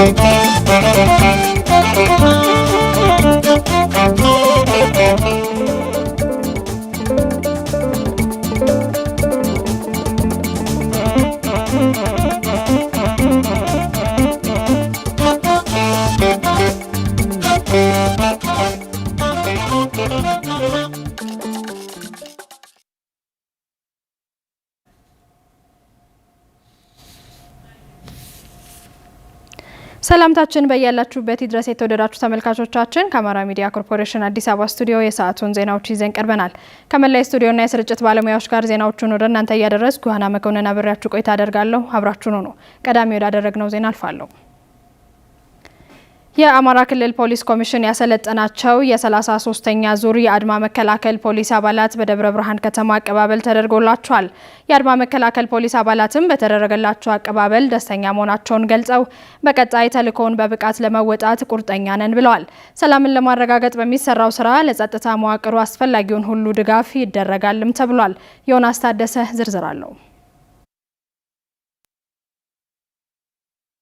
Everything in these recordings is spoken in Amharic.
Thank you. ሰላምታችን በያላችሁበት ይድረስ የተወደዳችሁ ተመልካቾቻችን። ከአማራ ሚዲያ ኮርፖሬሽን አዲስ አበባ ስቱዲዮ የሰዓቱን ዜናዎች ይዘን ቀርበናል። ከመላይ ስቱዲዮና የስርጭት ባለሙያዎች ጋር ዜናዎቹን ወደ እናንተ እያደረስኩ ዮሐና መኮንን አብሬያችሁ ቆይታ አደርጋለሁ። አብራችሁን ሆኖ ቀዳሚ ወዳደረግነው ዜና አልፋለሁ። የአማራ ክልል ፖሊስ ኮሚሽን ያሰለጠናቸው የ 33 ዙር የአድማ መከላከል ፖሊስ አባላት በደብረ ብርሃን ከተማ አቀባበል ተደርጎላቸዋል። የአድማ መከላከል ፖሊስ አባላትም በተደረገላቸው አቀባበል ደስተኛ መሆናቸውን ገልጸው በቀጣይ ተልዕኮውን በብቃት ለመወጣት ቁርጠኛ ነን ብለዋል። ሰላምን ለማረጋገጥ በሚሰራው ስራ ለጸጥታ መዋቅሩ አስፈላጊውን ሁሉ ድጋፍ ይደረጋልም ተብሏል። ዮናስ ታደሰ ዝርዝር አለው።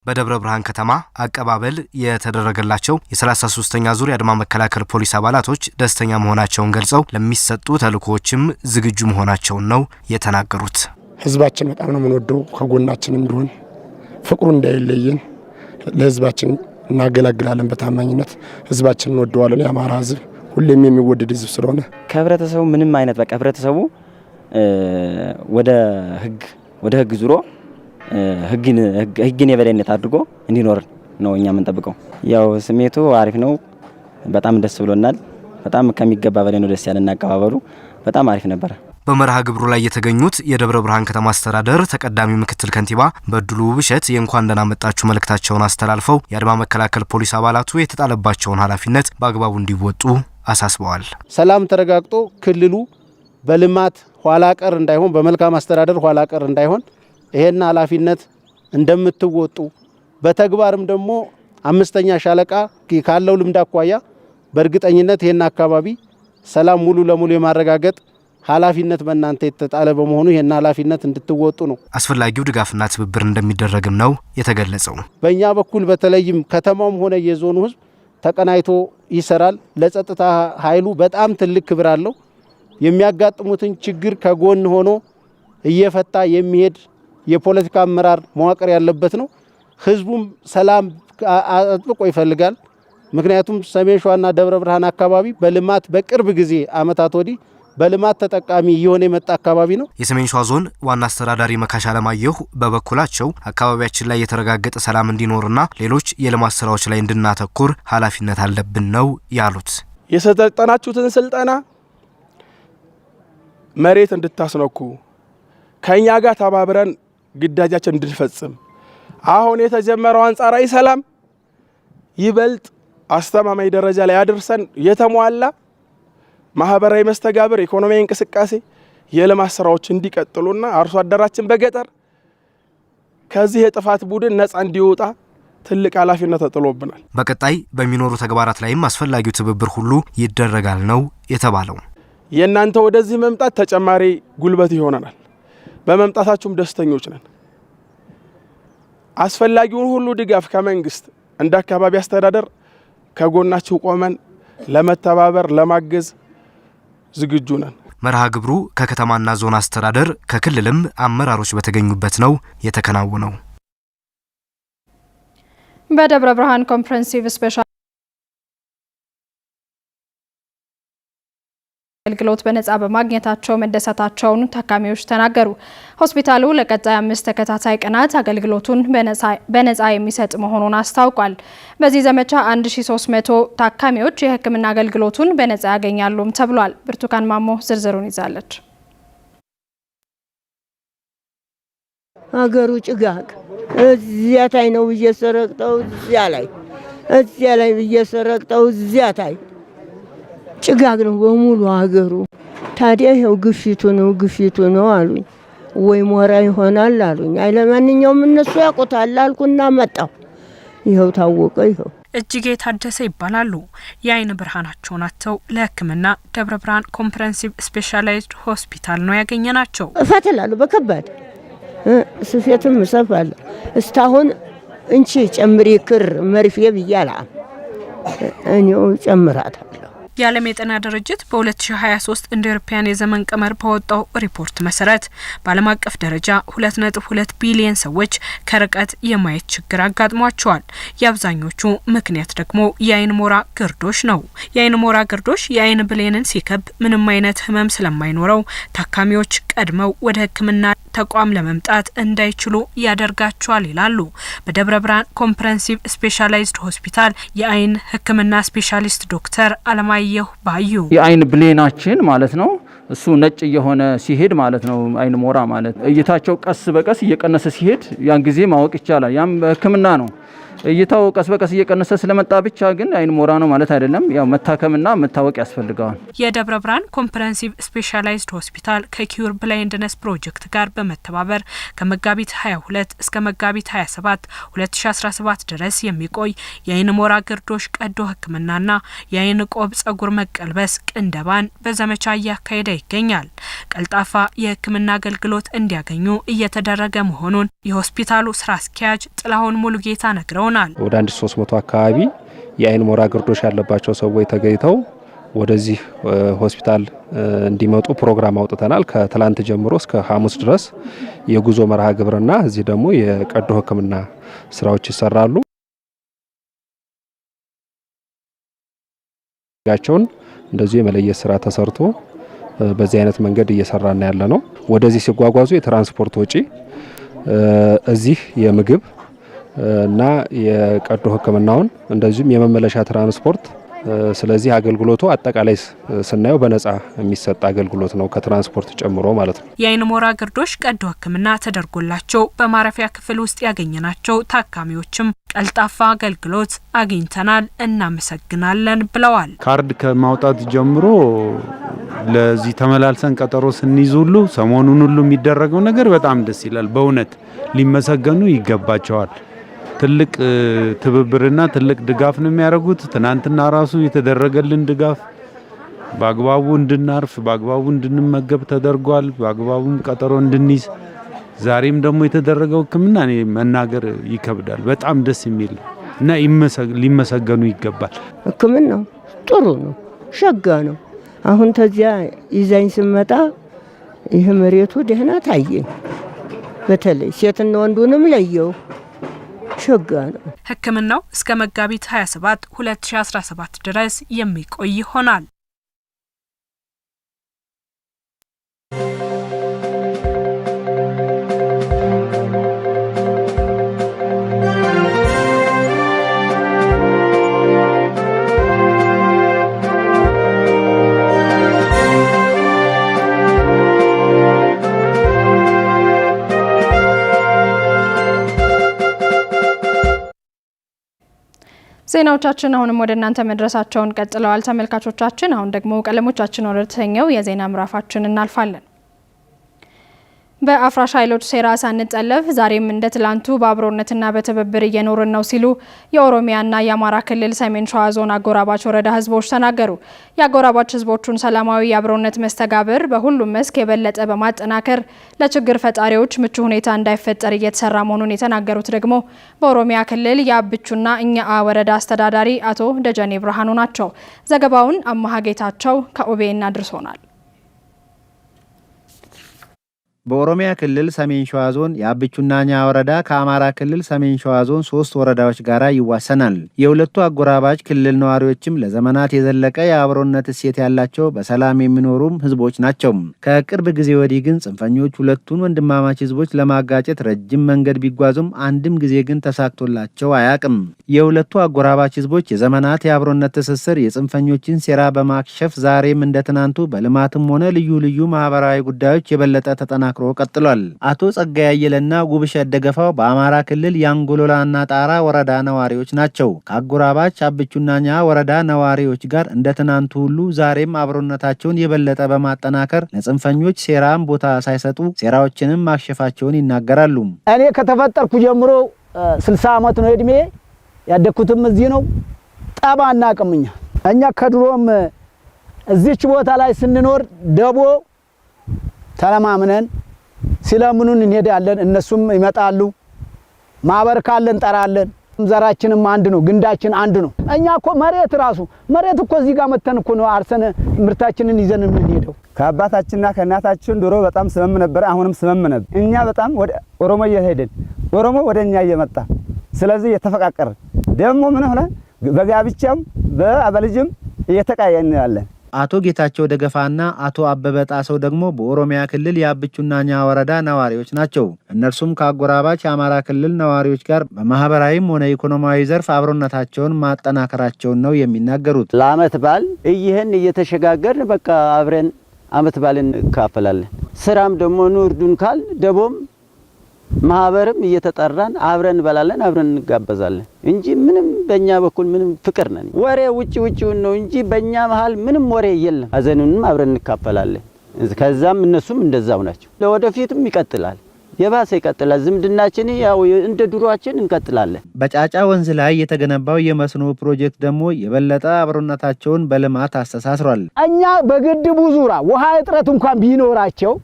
በደብረ ብርሃን ከተማ አቀባበል የተደረገላቸው የ33ኛ ዙር የአድማ መከላከል ፖሊስ አባላቶች ደስተኛ መሆናቸውን ገልጸው ለሚሰጡ ተልእኮዎችም ዝግጁ መሆናቸውን ነው የተናገሩት። ህዝባችን በጣም ነው የምንወደው፣ ከጎናችን እንዲሆን ፍቅሩ እንዳይለየን፣ ለህዝባችን እናገላግላለን። በታማኝነት ህዝባችን እንወደዋለን። የአማራ ህዝብ ሁሌም የሚወደድ ህዝብ ስለሆነ ከህብረተሰቡ ምንም አይነት በቃ ህብረተሰቡ ወደ ህግ ወደ ህግ ዙሮ ህግን የበላይነት አድርጎ እንዲኖር ነው እኛ የምንጠብቀው። ያው ስሜቱ አሪፍ ነው። በጣም ደስ ብሎናል። በጣም ከሚገባ በላይ ነው ደስ ያለና አቀባበሉ። በጣም አሪፍ ነበረ። በመርሃ ግብሩ ላይ የተገኙት የደብረ ብርሃን ከተማ አስተዳደር ተቀዳሚ ምክትል ከንቲባ በድሉ ውብሸት የእንኳን ደህና መጣችሁ መልእክታቸውን አስተላልፈው የአድማ መከላከል ፖሊስ አባላቱ የተጣለባቸውን ኃላፊነት በአግባቡ እንዲወጡ አሳስበዋል። ሰላም ተረጋግጦ ክልሉ በልማት ኋላ ቀር እንዳይሆን፣ በመልካም አስተዳደር ኋላ ቀር እንዳይሆን ይሄን ኃላፊነት እንደምትወጡ በተግባርም ደግሞ አምስተኛ ሻለቃ ካለው ልምድ አኳያ በእርግጠኝነት ይሄን አካባቢ ሰላም ሙሉ ለሙሉ የማረጋገጥ ኃላፊነት በእናንተ የተጣለ በመሆኑ ይህን ኃላፊነት እንድትወጡ ነው። አስፈላጊው ድጋፍና ትብብር እንደሚደረግም ነው የተገለጸው። በእኛ በኩል በተለይም ከተማውም ሆነ የዞኑ ህዝብ ተቀናይቶ ይሰራል። ለጸጥታ ኃይሉ በጣም ትልቅ ክብር አለው። የሚያጋጥሙትን ችግር ከጎን ሆኖ እየፈታ የሚሄድ የፖለቲካ አመራር መዋቅር ያለበት ነው። ህዝቡም ሰላም አጥብቆ ይፈልጋል። ምክንያቱም ሰሜን ሸዋና ደብረ ብርሃን አካባቢ በልማት በቅርብ ጊዜ አመታት ወዲህ በልማት ተጠቃሚ እየሆነ የመጣ አካባቢ ነው። የሰሜን ሸዋ ዞን ዋና አስተዳዳሪ መካሽ አለማየሁ በበኩላቸው አካባቢያችን ላይ የተረጋገጠ ሰላም እንዲኖርና ሌሎች የልማት ስራዎች ላይ እንድናተኩር ኃላፊነት አለብን ነው ያሉት። የሰጠናችሁትን ስልጠና መሬት እንድታስነኩ ከእኛ ጋር ተባብረን ግዳጃችን እንድንፈጽም አሁን የተጀመረው አንጻራዊ ሰላም ይበልጥ አስተማማኝ ደረጃ ላይ አድርሰን የተሟላ ማህበራዊ መስተጋብር፣ ኢኮኖሚያዊ እንቅስቃሴ፣ የልማት ስራዎች እንዲቀጥሉና አርሶ አደራችን በገጠር ከዚህ የጥፋት ቡድን ነጻ እንዲወጣ ትልቅ ኃላፊነት ተጥሎብናል። በቀጣይ በሚኖሩ ተግባራት ላይም አስፈላጊው ትብብር ሁሉ ይደረጋል ነው የተባለው። የእናንተ ወደዚህ መምጣት ተጨማሪ ጉልበት ይሆነናል። በመምጣታችሁም ደስተኞች ነን። አስፈላጊውን ሁሉ ድጋፍ ከመንግስት እንደ አካባቢ አስተዳደር ከጎናችሁ ቆመን ለመተባበር ለማገዝ ዝግጁ ነን። መርሃ ግብሩ ከከተማና ዞን አስተዳደር ከክልልም አመራሮች በተገኙበት ነው የተከናወነው። በደብረ ብርሃን ኮንፈረንስ ስፔሻል አገልግሎት በነጻ በማግኘታቸው መደሰታቸውን ታካሚዎች ተናገሩ። ሆስፒታሉ ለቀጣይ አምስት ተከታታይ ቀናት አገልግሎቱን በነጻ የሚሰጥ መሆኑን አስታውቋል። በዚህ ዘመቻ 1300 ታካሚዎች የሕክምና አገልግሎቱን በነጻ ያገኛሉም ተብሏል። ብርቱካን ማሞ ዝርዝሩን ይዛለች። አገሩ ጭጋግ እዚያ ታይ ነው እየሰረቅጠው እዚያ ላይ እዚያ ላይ እየሰረቅጠው እዚያ ታይ ጭጋግ ነው በሙሉ አገሩ። ታዲያ ይኸው ግፊቱ ነው ግፊቱ ነው አሉኝ። ወይ ሞራ ይሆናል አሉኝ። አይ ለማንኛውም እነሱ ያውቁታል አልኩና መጣሁ። ይኸው ታወቀ። ይኸው እጅጌ ታደሰ ይባላሉ። የአይን ብርሃናቸው ናቸው። ለሕክምና ደብረ ብርሃን ኮምፕረንሲቭ ስፔሻላይዝድ ሆስፒታል ነው ያገኘ ናቸው። እፈትላለሁ በከባድ ስፌትም እሰፋለሁ። እስካሁን እንቺ ጨምሪ ክር መርፌ ብያላ እኔው ጨምራታለሁ የዓለም የጤና ድርጅት በ2023 እንደ ኤሮፓያን የዘመን ቀመር በወጣው ሪፖርት መሰረት በዓለም አቀፍ ደረጃ 2.2 ቢሊየን ሰዎች ከርቀት የማየት ችግር አጋጥሟቸዋል። የአብዛኞቹ ምክንያት ደግሞ የአይን ሞራ ግርዶሽ ነው። የአይን ሞራ ግርዶሽ የአይን ብሌንን ሲከብ ምንም አይነት ህመም ስለማይኖረው ታካሚዎች ቀድመው ወደ ሕክምና ተቋም ለመምጣት እንዳይችሉ ያደርጋቸዋል ይላሉ። በደብረ ብርሃን ኮምፕረንሲቭ ስፔሻላይዝድ ሆስፒታል የአይን ሕክምና ስፔሻሊስት ዶክተር አለማየ አየሁ ባዩ የአይን ብሌናችን ማለት ነው እሱ ነጭ እየሆነ ሲሄድ ማለት ነው አይን ሞራ ማለት እይታቸው ቀስ በቀስ እየቀነሰ ሲሄድ ያን ጊዜ ማወቅ ይቻላል። ያም ህክምና ነው። እይታው ቀስ በቀስ እየቀነሰ ስለመጣ ብቻ ግን አይን ሞራ ነው ማለት አይደለም። ያው መታከምና መታወቅ ያስፈልገዋል። የደብረ ብርሃን ኮምፕረሄንሲቭ ስፔሻላይዝድ ሆስፒታል ከኪዩር ብላይንድነስ ፕሮጀክት ጋር በመተባበር ከመጋቢት 22 እስከ መጋቢት 27 2017 ድረስ የሚቆይ የአይን ሞራ ግርዶሽ ቀዶ ና የአይን ቆብ ጸጉር መቀልበስ ቅንደባን በዘመቻ እያካሄደ ይገኛል። ቀልጣፋ የህክምና አገልግሎት እንዲያገኙ እየተደረገ መሆኑን የሆስፒታሉ ስራ አስኪያጅ ጥላሁን ሙሉጌታ ነግረው ይሆናል። ወደ 1300 አካባቢ የአይን ሞራ ግርዶሽ ያለባቸው ሰዎች ተገኝተው ወደዚህ ሆስፒታል እንዲመጡ ፕሮግራም አውጥተናል። ከትላንት ጀምሮ እስከ ሐሙስ ድረስ የጉዞ መርሃ ግብርና እዚህ ደግሞ የቀዶ ሕክምና ስራዎች ይሰራሉ። ጋቸውን እንደዚሁ የመለየት ስራ ተሰርቶ በዚህ አይነት መንገድ እየሰራና ያለ ነው። ወደዚህ ሲጓጓዙ የትራንስፖርት ወጪ እዚህ የምግብ እና የቀዶ ሕክምናውን እንደዚሁም የመመለሻ ትራንስፖርት። ስለዚህ አገልግሎቱ አጠቃላይ ስናየው በነጻ የሚሰጥ አገልግሎት ነው ከትራንስፖርት ጨምሮ ማለት ነው። የአይን ሞራ ግርዶሽ ቀዶ ሕክምና ተደርጎላቸው በማረፊያ ክፍል ውስጥ ያገኘናቸው ታካሚዎችም ቀልጣፋ አገልግሎት አግኝተናል እናመሰግናለን ብለዋል። ካርድ ከማውጣት ጀምሮ ለዚህ ተመላልሰን ቀጠሮ ስንይዝ ሁሉ ሰሞኑን ሁሉ የሚደረገው ነገር በጣም ደስ ይላል። በእውነት ሊመሰገኑ ይገባቸዋል። ትልቅ ትብብርና ትልቅ ድጋፍ ነው የሚያደርጉት። ትናንትና ራሱ የተደረገልን ድጋፍ በአግባቡ እንድናርፍ በአግባቡ እንድንመገብ ተደርጓል። በአግባቡም ቀጠሮ እንድንይዝ ዛሬም ደግሞ የተደረገው ሕክምና እኔ መናገር ይከብዳል። በጣም ደስ የሚል እና ሊመሰገኑ ይገባል። ሕክምናው ጥሩ ነው፣ ሸጋ ነው። አሁን ተዚያ ይዛኝ ስመጣ ይህ መሬቱ ደህና ታየኝ። በተለይ ሴትና ወንዱንም ለየው። ችግር ነው። እስከ መጋቢት 27 2017 ድረስ የሚቆይ ይሆናል። ዜናዎቻችን አሁንም ወደ እናንተ መድረሳቸውን ቀጥለዋል ተመልካቾቻችን። አሁን ደግሞ ቀለሞቻችን ወደ ተሰኘው የዜና ምዕራፋችን እናልፋለን። በአፍራሽ ኃይሎች ሴራ ሳንጠለፍ ዛሬም እንደ ትላንቱ በአብሮነትና በትብብር እየኖርን ነው ሲሉ የኦሮሚያና የአማራ ክልል ሰሜን ሸዋ ዞን አጎራባች ወረዳ ህዝቦች ተናገሩ። የአጎራባች ህዝቦቹን ሰላማዊ የአብሮነት መስተጋብር በሁሉም መስክ የበለጠ በማጠናከር ለችግር ፈጣሪዎች ምቹ ሁኔታ እንዳይፈጠር እየተሰራ መሆኑን የተናገሩት ደግሞ በኦሮሚያ ክልል የአብቹና እኛአ ወረዳ አስተዳዳሪ አቶ ደጀኔ ብርሃኑ ናቸው። ዘገባውን አማሃ ጌታቸው ከኦቤን አድርሶናል። በኦሮሚያ ክልል ሰሜን ሸዋ ዞን የአብቹና ኛ ወረዳ ከአማራ ክልል ሰሜን ሸዋ ዞን ሶስት ወረዳዎች ጋር ይዋሰናል። የሁለቱ አጎራባች ክልል ነዋሪዎችም ለዘመናት የዘለቀ የአብሮነት እሴት ያላቸው በሰላም የሚኖሩም ህዝቦች ናቸው። ከቅርብ ጊዜ ወዲህ ግን ጽንፈኞች ሁለቱን ወንድማማች ህዝቦች ለማጋጨት ረጅም መንገድ ቢጓዙም አንድም ጊዜ ግን ተሳክቶላቸው አያቅም። የሁለቱ አጎራባች ህዝቦች የዘመናት የአብሮነት ትስስር የጽንፈኞችን ሴራ በማክሸፍ ዛሬም እንደትናንቱ በልማትም ሆነ ልዩ ልዩ ማህበራዊ ጉዳዮች የበለጠ ተጠና ተጠናክሮ ቀጥሏል። አቶ ጸጋይ አየለና ጉብሸት ደገፋው በአማራ ክልል የአንጎሎላና ጣራ ወረዳ ነዋሪዎች ናቸው። ከአጎራባች አብቹናኛ ወረዳ ነዋሪዎች ጋር እንደ ትናንቱ ሁሉ ዛሬም አብሮነታቸውን የበለጠ በማጠናከር ለጽንፈኞች ሴራም ቦታ ሳይሰጡ ሴራዎችንም ማክሸፋቸውን ይናገራሉ። እኔ ከተፈጠርኩ ጀምሮ ስልሳ ዓመት ነው እድሜ። ያደግኩትም እዚህ ነው። ጠባ እናቅምኛ እኛ ከድሮም እዚች ቦታ ላይ ስንኖር ደቦ ተለማምነን ሲለምኑን እንሄዳለን፣ እነሱም ይመጣሉ። ማበር ካለን እንጠራለን። ዘራችንም አንድ ነው፣ ግንዳችን አንድ ነው። እኛ እኮ መሬት ራሱ መሬት እኮ እዚህ ጋር መተን እኮ ነው አርሰን ምርታችንን ይዘን የምንሄደው። ከአባታችንና ከእናታችን ድሮ በጣም ስመም ነበረ፣ አሁንም ስመም ነበር። እኛ በጣም ወደ ኦሮሞ እየሄድን ኦሮሞ ወደ እኛ እየመጣ ስለዚህ እየተፈቃቀር ደግሞ ምን ሆነ በጋብቻም በአበልጅም እየተቃየን ያለን አቶ ጌታቸው ደገፋና አቶ አበበ ጣሰው ደግሞ በኦሮሚያ ክልል የአብቹና ኛ ወረዳ ነዋሪዎች ናቸው። እነርሱም ከአጎራባች የአማራ ክልል ነዋሪዎች ጋር በማህበራዊም ሆነ ኢኮኖሚያዊ ዘርፍ አብሮነታቸውን ማጠናከራቸውን ነው የሚናገሩት። ለአመት በዓል እይህን እየተሸጋገርን በቃ አብረን አመት በዓልን እንካፈላለን። ስራም ደግሞ ኑርዱን ካል ደቦም ማህበርም እየተጠራን አብረን እንበላለን፣ አብረን እንጋበዛለን እንጂ ምንም በእኛ በኩል ምንም ፍቅር ነን። ወሬ ውጭ ውጭውን ነው እንጂ በእኛ መሀል ምንም ወሬ የለም። ሀዘኑንም አብረን እንካፈላለን። ከዛም እነሱም እንደዛው ናቸው። ለወደፊትም ይቀጥላል የባሰ ይቀጥላል። ዝምድናችን ያው እንደ ድሯችን እንቀጥላለን። በጫጫ ወንዝ ላይ የተገነባው የመስኖ ፕሮጀክት ደግሞ የበለጠ አብሮነታቸውን በልማት አስተሳስሯል። እኛ በግድቡ ዙራ ውሃ እጥረት እንኳን ቢኖራቸው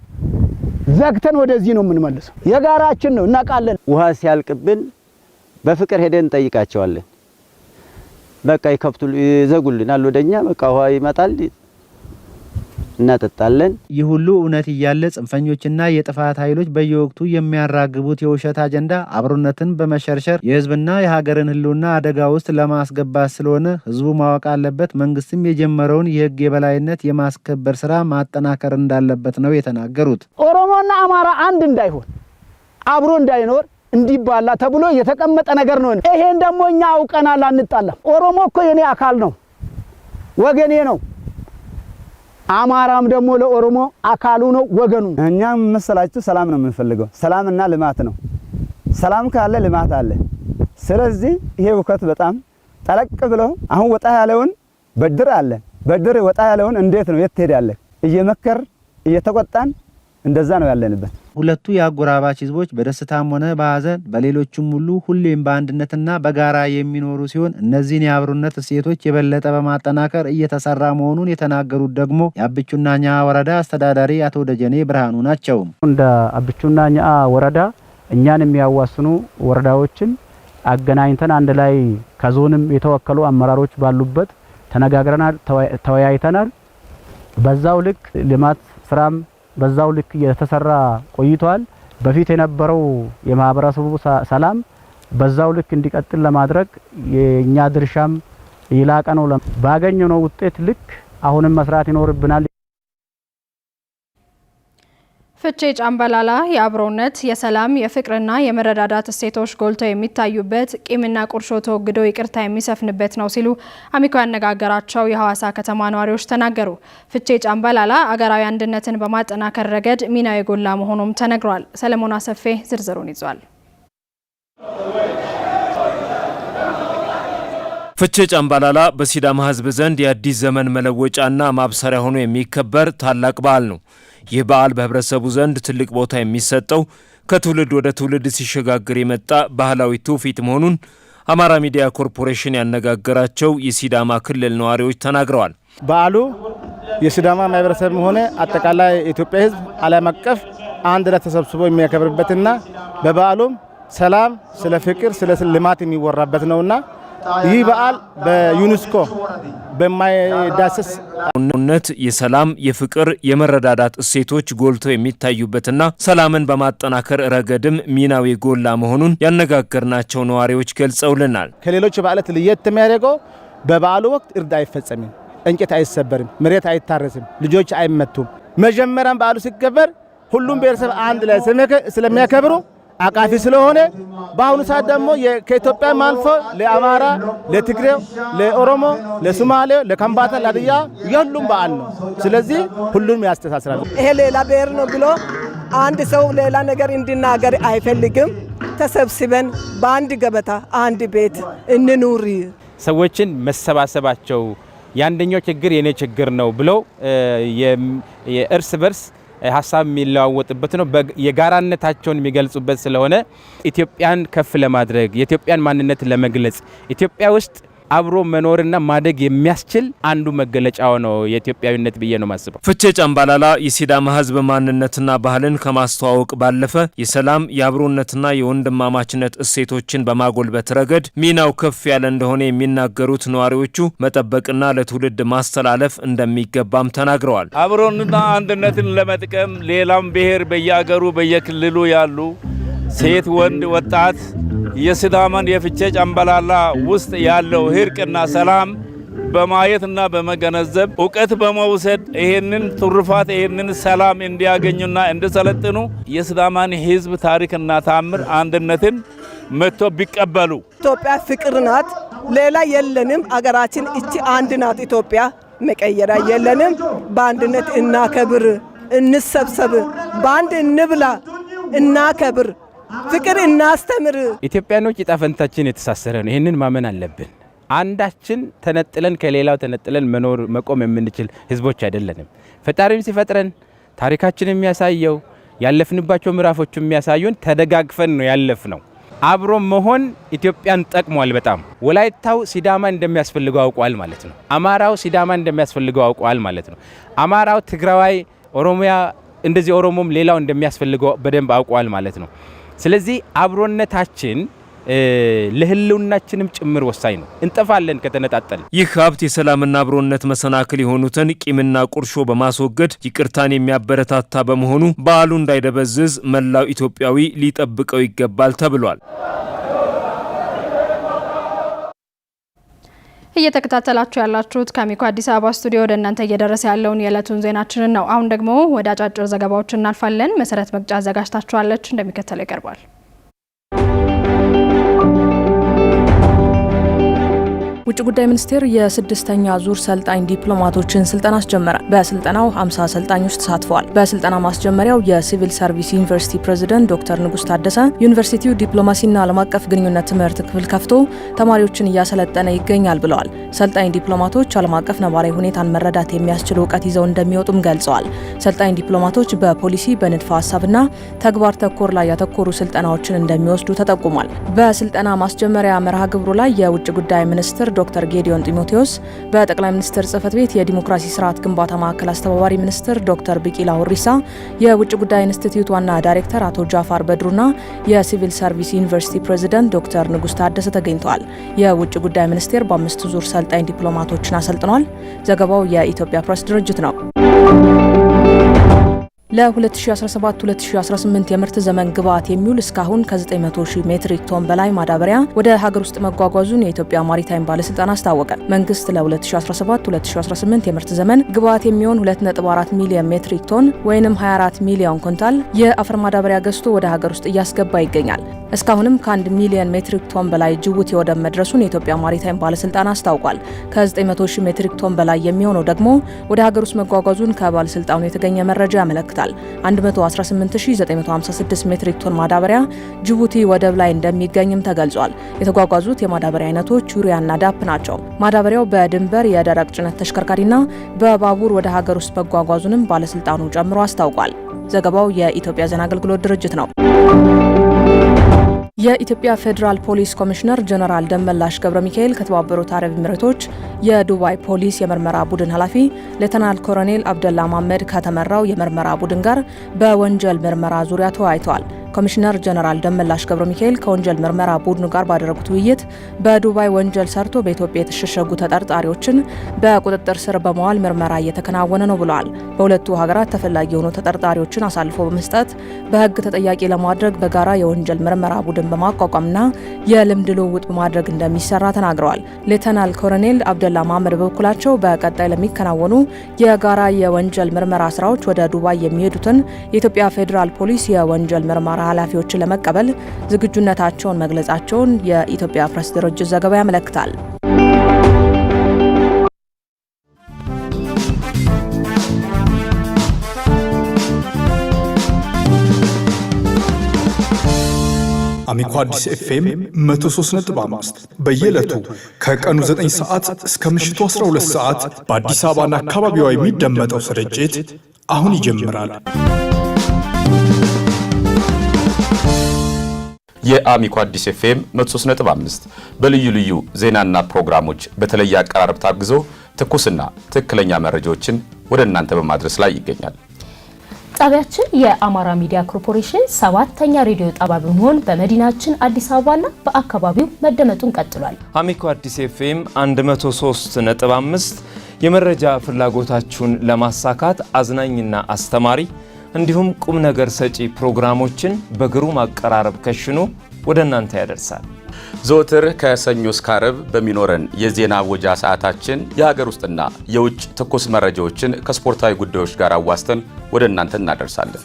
ዘግተን ወደዚህ ነው የምንመልሰው። የጋራችን ነው እናውቃለን። ውሃ ሲያልቅብን በፍቅር ሄደን እንጠይቃቸዋለን። በቃ ይከፍቱ ይዘጉልናል። ወደኛ በቃ ውሃ ይመጣል። እናጠጣለን። ይህ ሁሉ እውነት እያለ ጽንፈኞችና የጥፋት ኃይሎች በየወቅቱ የሚያራግቡት የውሸት አጀንዳ አብሮነትን በመሸርሸር የህዝብና የሀገርን ህልውና አደጋ ውስጥ ለማስገባት ስለሆነ ህዝቡ ማወቅ አለበት። መንግስትም የጀመረውን የህግ የበላይነት የማስከበር ስራ ማጠናከር እንዳለበት ነው የተናገሩት። ኦሮሞና አማራ አንድ እንዳይሆን አብሮ እንዳይኖር እንዲባላ ተብሎ የተቀመጠ ነገር ነው። ይሄን ደግሞ እኛ አውቀናል፣ አንጣላም። ኦሮሞ እኮ የኔ አካል ነው፣ ወገኔ ነው አማራም ደግሞ ለኦሮሞ አካሉ ነው ወገኑ። እኛም መሰላችሁ ሰላም ነው የምንፈልገው፣ ሰላምና ልማት ነው። ሰላም ካለ ልማት አለ። ስለዚህ ይሄ ውከት በጣም ጠለቅ ብሎ አሁን ወጣ ያለውን በድር አለ በድር ወጣ ያለውን እንዴት ነው የት ትሄዳለህ? እየመከር እየተቆጣን እንደዛ ነው ያለንበት። ሁለቱ የአጎራባች ህዝቦች በደስታም ሆነ በሀዘን በሌሎችም ሁሉ ሁሌም በአንድነትና በጋራ የሚኖሩ ሲሆን እነዚህን የአብሮነት እሴቶች የበለጠ በማጠናከር እየተሰራ መሆኑን የተናገሩት ደግሞ የአብቹና ኛ ወረዳ አስተዳዳሪ አቶ ደጀኔ ብርሃኑ ናቸው። እንደ አብቹና ኛ ወረዳ እኛን የሚያዋስኑ ወረዳዎችን አገናኝተን አንድ ላይ ከዞንም የተወከሉ አመራሮች ባሉበት ተነጋግረናል፣ ተወያይተናል። በዛው ልክ ልማት ስራም በዛው ልክ እየተሰራ ቆይቷል። በፊት የነበረው የማህበረሰቡ ሰላም በዛው ልክ እንዲቀጥል ለማድረግ የእኛ ድርሻም ይላቀ ነው። ባገኘነው ውጤት ልክ አሁንም መስራት ይኖርብናል። ፍቼ ጫምባላላ የአብሮነት፣ የሰላም፣ የፍቅርና የመረዳዳት እሴቶች ጎልተው የሚታዩበት ቂምና ቁርሾ ተወግዶ ይቅርታ የሚሰፍንበት ነው ሲሉ አሚኮ ያነጋገራቸው የሐዋሳ ከተማ ነዋሪዎች ተናገሩ። ፍቼ ጫምባላላ አገራዊ አንድነትን በማጠናከር ረገድ ሚናው የጎላ መሆኑም ተነግሯል። ሰለሞን አሰፌ ዝርዝሩን ይዟል። ፍቼ ጫምባላላ በሲዳማ ሕዝብ ዘንድ የአዲስ ዘመን መለወጫና ማብሰሪያ ሆኖ የሚከበር ታላቅ በዓል ነው። ይህ በዓል በህብረተሰቡ ዘንድ ትልቅ ቦታ የሚሰጠው ከትውልድ ወደ ትውልድ ሲሸጋግር የመጣ ባህላዊ ትውፊት መሆኑን አማራ ሚዲያ ኮርፖሬሽን ያነጋገራቸው የሲዳማ ክልል ነዋሪዎች ተናግረዋል። በዓሉ የሲዳማ ማህበረሰብም ሆነ አጠቃላይ የኢትዮጵያ ህዝብ ዓለም አቀፍ አንድ ላይ ተሰብስቦ የሚያከብርበትና በበዓሉም ሰላም፣ ስለ ፍቅር፣ ስለ ልማት የሚወራበት ነውና ይህ በዓል በዩኔስኮ በማይዳሰስ ነት የሰላም፣ የፍቅር፣ የመረዳዳት እሴቶች ጎልተው የሚታዩበትና ሰላምን በማጠናከር ረገድም ሚናው የጎላ መሆኑን ያነጋገርናቸው ነዋሪዎች ገልጸውልናል። ከሌሎች በዓላት ለየት የሚያደርገው በበዓሉ ወቅት እርድ አይፈጸምም፣ እንጨት አይሰበርም፣ መሬት አይታረስም፣ ልጆች አይመቱም። መጀመሪያም በዓሉ ሲከበር ሁሉም ብሔረሰብ አንድ ላይ ስለሚያከብሩ አቃፊ ስለሆነ በአሁኑ ሰዓት ደግሞ ከኢትዮጵያም አልፎ ለአማራ፣ ለትግሬ፣ ለኦሮሞ፣ ለሶማሌ፣ ለከምባታ፣ ለሀዲያ የሁሉም በዓል ነው። ስለዚህ ሁሉም ያስተሳስራል። ይሄ ሌላ ብሔር ነው ብሎ አንድ ሰው ሌላ ነገር እንዲናገር አይፈልግም። ተሰብስበን በአንድ ገበታ አንድ ቤት እንኑር። ሰዎችን መሰባሰባቸው የአንደኛው ችግር የኔ ችግር ነው ብለው የእርስ በርስ ሀሳብ የሚለዋወጥበት ነው። የጋራነታቸውን የሚገልጹበት ስለሆነ ኢትዮጵያን ከፍ ለማድረግ የኢትዮጵያን ማንነት ለመግለጽ ኢትዮጵያ ውስጥ አብሮ መኖርና ማደግ የሚያስችል አንዱ መገለጫው ነው የኢትዮጵያዊነት ብዬ ነው ማስበው። ፍቼ ጫምባላላ የሲዳማ ህዝብ ማንነትና ባህልን ከማስተዋወቅ ባለፈ የሰላም የአብሮነትና የወንድማማችነት እሴቶችን በማጎልበት ረገድ ሚናው ከፍ ያለ እንደሆነ የሚናገሩት ነዋሪዎቹ መጠበቅና ለትውልድ ማስተላለፍ እንደሚገባም ተናግረዋል። አብሮንና አንድነትን ለመጥቀም ሌላም ብሔር በየአገሩ በየክልሉ ያሉ ሴት ወንድ ወጣት የሲዳማን የፍቼ ጨምበላላ ውስጥ ያለው ህርቅና ሰላም በማየትና በመገነዘብ እውቀት በመውሰድ ይህንን ትሩፋት ይህንን ሰላም እንዲያገኙና እንዲሰለጥኑ የስዳማን ህዝብ ታሪክና ታምር አንድነትን መጥቶ ቢቀበሉ። ኢትዮጵያ ፍቅር ናት፣ ሌላ የለንም። አገራችን እቺ አንድ ናት። ኢትዮጵያ መቀየራ የለንም። በአንድነት እናከብር፣ እንሰብሰብ፣ በአንድ እንብላ፣ እናከብር። ፍቅር እናስተምር። ኢትዮጵያኖች ዕጣ ፈንታችን የተሳሰረ ነው። ይህንን ማመን አለብን። አንዳችን ተነጥለን ከሌላው ተነጥለን መኖር መቆም የምንችል ህዝቦች አይደለንም። ፈጣሪም ሲፈጥረን ታሪካችን የሚያሳየው ያለፍንባቸው ምዕራፎች የሚያሳዩን ተደጋግፈን ነው ያለፍ ነው። አብሮ መሆን ኢትዮጵያን ጠቅሟል። በጣም ወላይታው ሲዳማ እንደሚያስፈልገው አውቋል ማለት ነው። አማራው ሲዳማ እንደሚያስፈልገው አውቋል ማለት ነው። አማራው ትግራዋይ፣ ኦሮሚያ እንደዚህ ኦሮሞም ሌላው እንደሚያስፈልገው በደንብ አውቋል ማለት ነው። ስለዚህ አብሮነታችን ለህልውናችንም ጭምር ወሳኝ ነው። እንጠፋለን ከተነጣጠል። ይህ ሀብት የሰላምና አብሮነት መሰናክል የሆኑትን ቂምና ቁርሾ በማስወገድ ይቅርታን የሚያበረታታ በመሆኑ በዓሉ እንዳይደበዝዝ መላው ኢትዮጵያዊ ሊጠብቀው ይገባል ተብሏል። እየተከታተላችሁ ያላችሁት ከአሚኮ አዲስ አበባ ስቱዲዮ ወደ እናንተ እየደረሰ ያለውን የዕለቱን ዜናችንን ነው። አሁን ደግሞ ወደ አጫጭር ዘገባዎች እናልፋለን። መሰረት መቅጫ አዘጋጅታችኋለች፣ እንደሚከተለው ይቀርባል። ውጭ ጉዳይ ሚኒስቴር የስድስተኛ ዙር ሰልጣኝ ዲፕሎማቶችን ስልጠና አስጀመረ። በስልጠናው 50 አሰልጣኞች ተሳትፈዋል። በስልጠና ማስጀመሪያው የሲቪል ሰርቪስ ዩኒቨርሲቲ ፕሬዝደንት ዶክተር ንጉስ ታደሰ ዩኒቨርሲቲው ዲፕሎማሲና ዓለም አቀፍ ግንኙነት ትምህርት ክፍል ከፍቶ ተማሪዎችን እያሰለጠነ ይገኛል ብለዋል። ሰልጣኝ ዲፕሎማቶች ዓለም አቀፍ ነባራዊ ሁኔታን መረዳት የሚያስችል እውቀት ይዘው እንደሚወጡም ገልጸዋል። ሰልጣኝ ዲፕሎማቶች በፖሊሲ በንድፈ ሀሳብና ተግባር ተኮር ላይ ያተኮሩ ስልጠናዎችን እንደሚወስዱ ተጠቁሟል። በስልጠና ማስጀመሪያ መርሃ ግብሩ ላይ የውጭ ጉዳይ ሚኒስትር ዶክተር ጌዲዮን ጢሞቴዎስ፣ በጠቅላይ ሚኒስትር ጽህፈት ቤት የዲሞክራሲ ስርዓት ግንባታ ማዕከል አስተባባሪ ሚኒስትር ዶክተር ቢቂላ ሁሪሳ፣ የውጭ ጉዳይ ኢንስቲትዩት ዋና ዳይሬክተር አቶ ጃፋር በድሩና የሲቪል ሰርቪስ ዩኒቨርሲቲ ፕሬዚደንት ዶክተር ንጉስ ታደሰ ተገኝተዋል። የውጭ ጉዳይ ሚኒስቴር በአምስት ዙር ሰልጣኝ ዲፕሎማቶችን አሰልጥኗል። ዘገባው የኢትዮጵያ ፕሬስ ድርጅት ነው። ለ2017-2018 የምርት ዘመን ግብዓት የሚውል እስካሁን ከ900 ሺህ ሜትሪክ ቶን በላይ ማዳበሪያ ወደ ሀገር ውስጥ መጓጓዙን የኢትዮጵያ ማሪታይም ባለስልጣን አስታወቀ። መንግስት ለ2017-2018 የምርት ዘመን ግብዓት የሚሆን 2.4 ሚሊዮን ሜትሪክ ቶን ወይም 24 ሚሊዮን ኩንታል የአፈር ማዳበሪያ ገዝቶ ወደ ሀገር ውስጥ እያስገባ ይገኛል። እስካሁንም ከ ከ1 ሚሊዮን ሜትሪክ ቶን በላይ ጅቡቲ ወደብ መድረሱን የኢትዮጵያ ማሪታይም ባለስልጣን አስታውቋል። ከ900 ሺህ ሜትሪክ ቶን በላይ የሚሆነው ደግሞ ወደ ሀገር ውስጥ መጓጓዙን ከባለስልጣኑ የተገኘ መረጃ ያመለክታል። 118956 ሜትሪክ ቶን ማዳበሪያ ጅቡቲ ወደብ ላይ እንደሚገኝም ተገልጿል። የተጓጓዙት የማዳበሪያ አይነቶች ዩሪያና ዳፕ ናቸው። ማዳበሪያው በድንበር የደረቅ ጭነት ተሽከርካሪና በባቡር ወደ ሀገር ውስጥ መጓጓዙንም ባለስልጣኑ ጨምሮ አስታውቋል። ዘገባው የኢትዮጵያ ዜና አገልግሎት ድርጅት ነው። የኢትዮጵያ ፌዴራል ፖሊስ ኮሚሽነር ጀነራል ደመላሽ ገብረ ሚካኤል ከተባበሩት አረብ ኤምሬቶች የዱባይ ፖሊስ የምርመራ ቡድን ኃላፊ ሌተናል ኮሎኔል አብደላ ማመድ ከተመራው የምርመራ ቡድን ጋር በወንጀል ምርመራ ዙሪያ ተወያይተዋል። ኮሚሽነር ጀነራል ደመላሽ ገብረ ሚካኤል ከወንጀል ምርመራ ቡድኑ ጋር ባደረጉት ውይይት በዱባይ ወንጀል ሰርቶ በኢትዮጵያ የተሸሸጉ ተጠርጣሪዎችን በቁጥጥር ስር በመዋል ምርመራ እየተከናወነ ነው ብለዋል። በሁለቱ ሀገራት ተፈላጊ የሆኑ ተጠርጣሪዎችን አሳልፎ በመስጠት በሕግ ተጠያቂ ለማድረግ በጋራ የወንጀል ምርመራ ቡድን በማቋቋምና የልምድ ልውውጥ በማድረግ እንደሚሰራ ተናግረዋል። ሌተናል ኮሎኔል አብደላ መሀመድ በበኩላቸው በቀጣይ ለሚከናወኑ የጋራ የወንጀል ምርመራ ስራዎች ወደ ዱባይ የሚሄዱትን የኢትዮጵያ ፌዴራል ፖሊስ የወንጀል ምርመራ የስራ ኃላፊዎችን ለመቀበል ዝግጁነታቸውን መግለጻቸውን የኢትዮጵያ ፕሬስ ድርጅት ዘገባ ያመለክታል። አሚኮ አዲስ ኤፍኤም 135 በየዕለቱ ከቀኑ 9 ሰዓት እስከ ምሽቱ 12 ሰዓት በአዲስ አበባና አካባቢዋ የሚደመጠው ስርጭት አሁን ይጀምራል። የአሚኮ አዲስ ኤፍኤም 135 በልዩ ልዩ ዜናና ፕሮግራሞች በተለየ አቀራረብ ታግዞ ትኩስና ትክክለኛ መረጃዎችን ወደ እናንተ በማድረስ ላይ ይገኛል። ጣቢያችን የአማራ ሚዲያ ኮርፖሬሽን ሰባተኛ ሬዲዮ ጣቢያ በመሆን በመዲናችን አዲስ አበባና በአካባቢው መደመጡን ቀጥሏል። አሚኮ አዲስ ኤፍኤም 103.5 የመረጃ ፍላጎታችሁን ለማሳካት አዝናኝና አስተማሪ እንዲሁም ቁም ነገር ሰጪ ፕሮግራሞችን በግሩም አቀራረብ ከሽኑ ወደ እናንተ ያደርሳል። ዘወትር ከሰኞ እስከ በሚኖረን የዜና ወጃ ሰዓታችን የሀገር ውስጥና የውጭ ትኩስ መረጃዎችን ከስፖርታዊ ጉዳዮች ጋር አዋስተን ወደ እናንተ እናደርሳለን።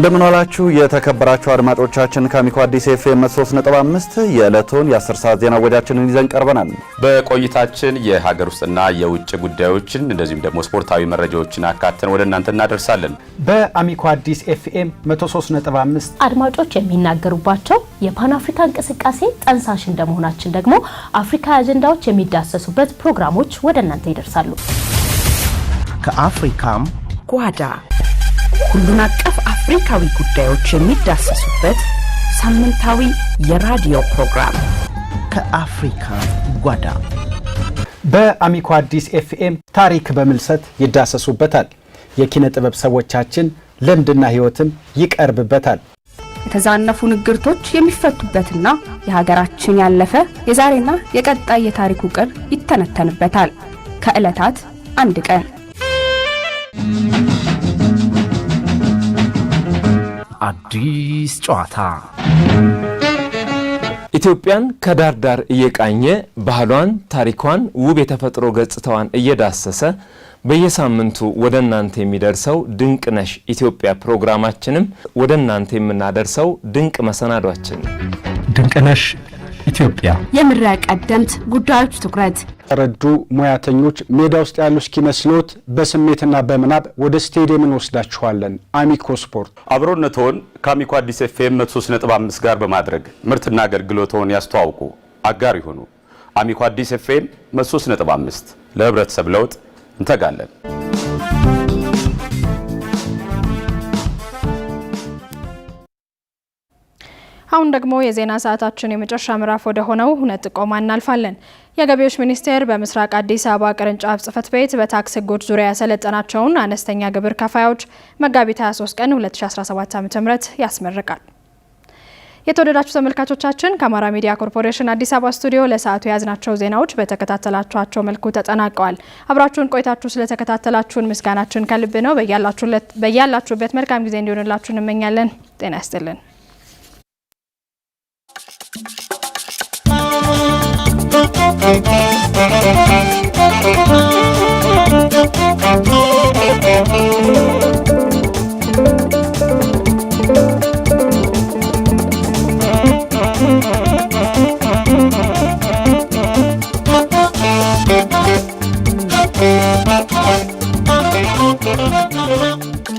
እንደምን ዋላችሁ የተከበራችሁ አድማጮቻችን፣ ከአሚኮ አዲስ ኤፍኤም 35 የዕለቱን የ10 ሰዓት ዜና ወዳችንን ይዘን ቀርበናል። በቆይታችን የሀገር ውስጥና የውጭ ጉዳዮችን እንደዚሁም ደግሞ ስፖርታዊ መረጃዎችን አካተን ወደ እናንተ እናደርሳለን። በአሚኮ አዲስ ኤፍኤም 135 አድማጮች የሚናገሩባቸው የፓን አፍሪካ እንቅስቃሴ ጠንሳሽ እንደመሆናችን ደግሞ አፍሪካ አጀንዳዎች የሚዳሰሱበት ፕሮግራሞች ወደ እናንተ ይደርሳሉ። ከአፍሪካም ጓዳ ሁሉን አቀፍ አፍሪካዊ ጉዳዮች የሚዳሰሱበት ሳምንታዊ የራዲዮ ፕሮግራም ከአፍሪካ ጓዳ በአሚኮ አዲስ ኤፍኤም ታሪክ በምልሰት ይዳሰሱበታል። የኪነ ጥበብ ሰዎቻችን ልምድና ሕይወትም ይቀርብበታል። የተዛነፉ ንግርቶች የሚፈቱበትና የሀገራችን ያለፈ የዛሬና የቀጣይ የታሪክ ውቅር ይተነተንበታል። ከዕለታት አንድ ቀን አዲስ ጨዋታ ኢትዮጵያን ከዳር ዳር እየቃኘ ባህሏን፣ ታሪኳን፣ ውብ የተፈጥሮ ገጽታዋን እየዳሰሰ በየሳምንቱ ወደ እናንተ የሚደርሰው ድንቅ ነሽ ኢትዮጵያ ፕሮግራማችንም ወደ እናንተ የምናደርሰው ድንቅ መሰናዷችን ድንቅ ነሽ ኢትዮጵያ የምዕራብ ቀደምት ጉዳዮች ትኩረት ረዱ ሙያተኞች ሜዳ ውስጥ ያሉ እስኪመስሎት በስሜትና በምናብ ወደ ስቴዲየም እንወስዳችኋለን። አሚኮ ስፖርት አብሮነትዎን ከአሚኮ አዲስ ኤፍኤም 103.5 ጋር በማድረግ ምርትና አገልግሎትዎን ያስተዋውቁ፣ አጋር ይሁኑ። አሚኮ አዲስ ኤፍኤም 103.5 ለህብረተሰብ ለውጥ እንተጋለን። አሁን ደግሞ የዜና ሰዓታችን የመጨረሻ ምዕራፍ ወደ ሆነው ሁነት ጥቆማ እናልፋለን። የገቢዎች ሚኒስቴር በምስራቅ አዲስ አበባ ቅርንጫፍ ጽህፈት ቤት በታክስ ህጎች ዙሪያ ያሰለጠናቸውን አነስተኛ ግብር ከፋዮች መጋቢት 23 ቀን 2017 ዓ ም ያስመርቃል። የተወደዳችሁ ተመልካቾቻችን ከአማራ ሚዲያ ኮርፖሬሽን አዲስ አበባ ስቱዲዮ ለሰዓቱ የያዝናቸው ዜናዎች በተከታተላችኋቸው መልኩ ተጠናቀዋል። አብራችሁን ቆይታችሁ ስለተከታተላችሁን ምስጋናችን ከልብ ነው። በያላችሁበት መልካም ጊዜ እንዲሆንላችሁ እንመኛለን። ጤና ይስጥልን። Thank you.